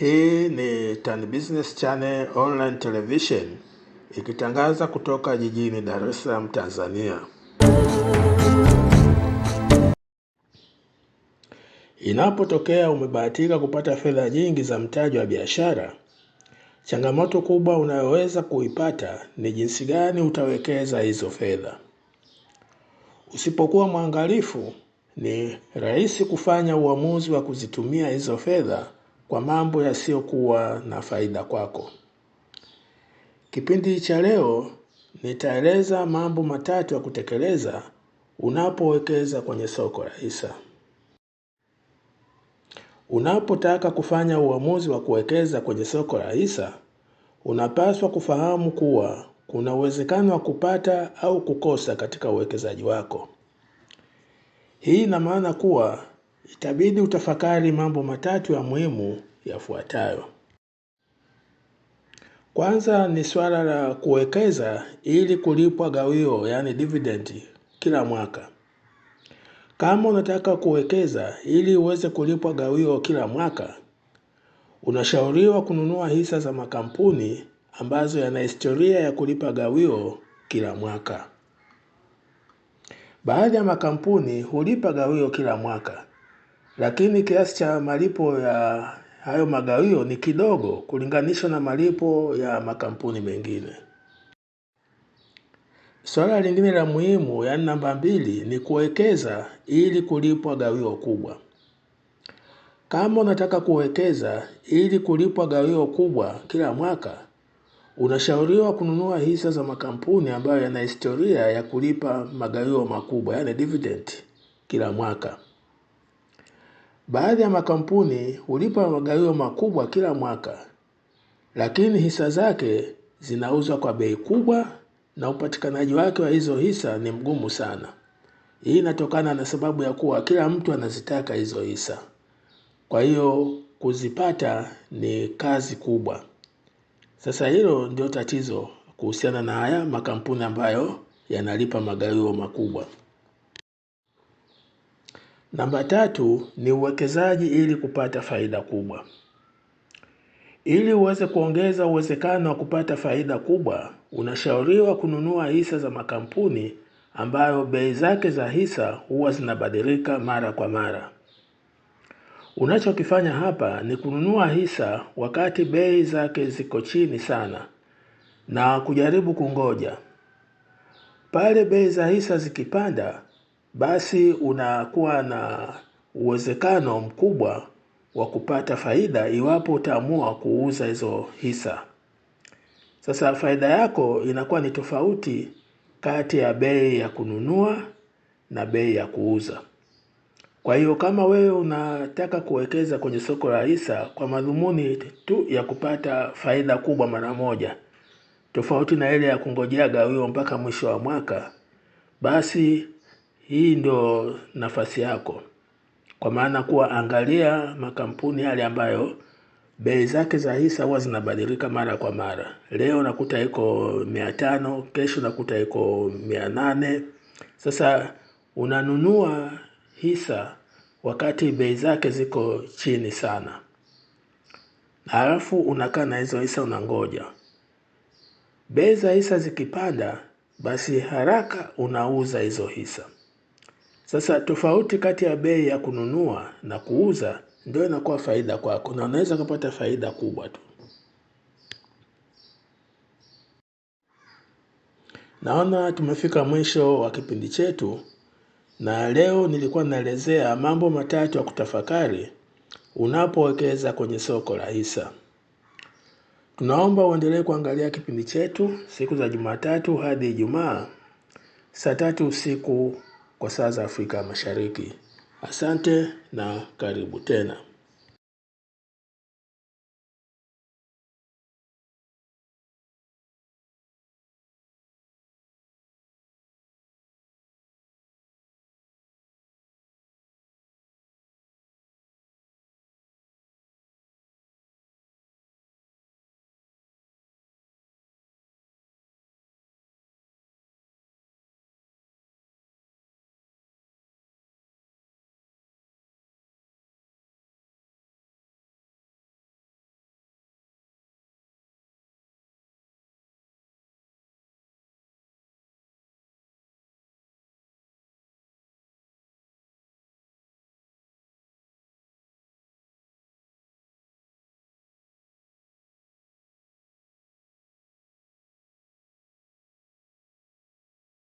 Hii ni Tan Business Channel Online Television ikitangaza kutoka jijini Dar es Salaam, Tanzania. Inapotokea umebahatika kupata fedha nyingi za mtaji wa biashara, changamoto kubwa unayoweza kuipata ni jinsi gani utawekeza hizo fedha. Usipokuwa mwangalifu, ni rahisi kufanya uamuzi wa kuzitumia hizo fedha kwa mambo yasiyokuwa na faida kwako. Kipindi cha leo nitaeleza mambo matatu ya kutekeleza unapowekeza kwenye soko la hisa. Unapotaka kufanya uamuzi wa kuwekeza kwenye soko la hisa, unapaswa kufahamu kuwa kuna uwezekano wa kupata au kukosa katika uwekezaji wako. Hii ina maana kuwa itabidi utafakari mambo matatu ya muhimu yafuatayo. Kwanza ni swala la kuwekeza ili kulipwa gawio, yaani dividend, kila mwaka. Kama unataka kuwekeza ili uweze kulipwa gawio kila mwaka, unashauriwa kununua hisa za makampuni ambazo yana historia ya kulipa gawio kila mwaka. Baadhi ya makampuni hulipa gawio kila mwaka, lakini kiasi cha malipo ya hayo magawio ni kidogo kulinganishwa na malipo ya makampuni mengine. Swala lingine la muhimu, yaani namba mbili, ni kuwekeza ili kulipwa gawio kubwa. Kama unataka kuwekeza ili kulipwa gawio kubwa kila mwaka, unashauriwa kununua hisa za makampuni ambayo yana historia ya kulipa magawio makubwa, yaani dividend, kila mwaka. Baadhi ya makampuni hulipa magawio makubwa kila mwaka, lakini hisa zake zinauzwa kwa bei kubwa na upatikanaji wake wa hizo hisa ni mgumu sana. Hii inatokana na sababu ya kuwa kila mtu anazitaka hizo hisa, kwa hiyo kuzipata ni kazi kubwa. Sasa hilo ndio tatizo kuhusiana na haya makampuni ambayo yanalipa magawio makubwa. Namba tatu ni uwekezaji ili kupata faida kubwa. Ili uweze kuongeza uwezekano wa kupata faida kubwa, unashauriwa kununua hisa za makampuni ambayo bei zake za hisa huwa zinabadilika mara kwa mara. Unachokifanya hapa ni kununua hisa wakati bei zake ziko chini sana na kujaribu kungoja. Pale bei za hisa zikipanda, basi unakuwa na uwezekano mkubwa wa kupata faida iwapo utaamua kuuza hizo hisa. Sasa faida yako inakuwa ni tofauti kati ya bei ya kununua na bei ya kuuza. Kwa hiyo kama wewe unataka kuwekeza kwenye soko la hisa kwa madhumuni tu ya kupata faida kubwa mara moja, tofauti na ile ya kungojeaga huyo mpaka mwisho wa mwaka, basi hii ndio nafasi yako. Kwa maana kuwa angalia makampuni yale ambayo bei zake za hisa huwa zinabadilika mara kwa mara. Leo nakuta iko mia tano, kesho nakuta iko mia nane. Sasa unanunua hisa wakati bei zake ziko chini sana. Halafu unakaa na hizo hisa unangoja. Bei za hisa zikipanda basi haraka unauza hizo hisa. Sasa tofauti kati ya bei ya kununua na kuuza ndio inakuwa faida kwako na unaweza kupata faida kubwa tu. Naona tumefika mwisho wa kipindi chetu na leo nilikuwa naelezea mambo matatu ya kutafakari unapowekeza kwenye soko la hisa. Tunaomba uendelee kuangalia kipindi chetu siku za Jumatatu hadi Ijumaa saa tatu usiku kwa saa za Afrika Mashariki. Asante na karibu tena.